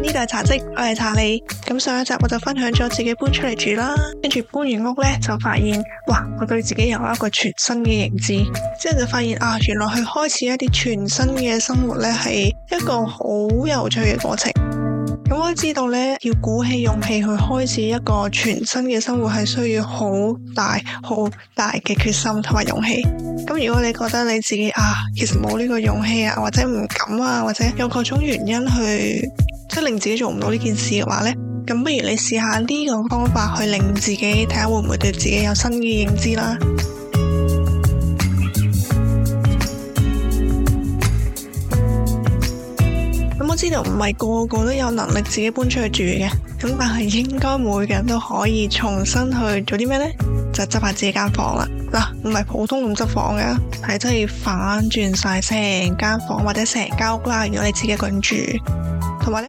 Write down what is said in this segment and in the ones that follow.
呢度係茶嘖，我係查理。咁上一集我就分享咗自己搬出嚟住啦，跟住搬完屋咧就發現，哇！我對自己有一個全新嘅認知，之後就發現啊，原來去開始一啲全新嘅生活咧，係一個好有趣嘅過程。咁我知道咧，要鼓起勇氣去開始一個全新嘅生活，係需要好大、好大嘅決心同埋勇氣。咁如果你覺得你自己啊，其實冇呢個勇氣啊，或者唔敢啊，或者有各種原因去，即令自己做唔到呢件事嘅話呢，咁不如你試下呢個方法，去令自己睇下會唔會對自己有新嘅認知啦。咁 我知道唔係個個都有能力自己搬出去住嘅，咁但係應該每個人都可以重新去做啲咩呢？就執下自己間房啦。嗱、啊，唔係普通咁執房嘅，係真係反轉晒成間房或者成間屋啦。如果你自己一個人住，同埋呢。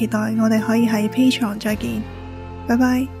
期待我哋可以喺 Patreon 再見，拜拜。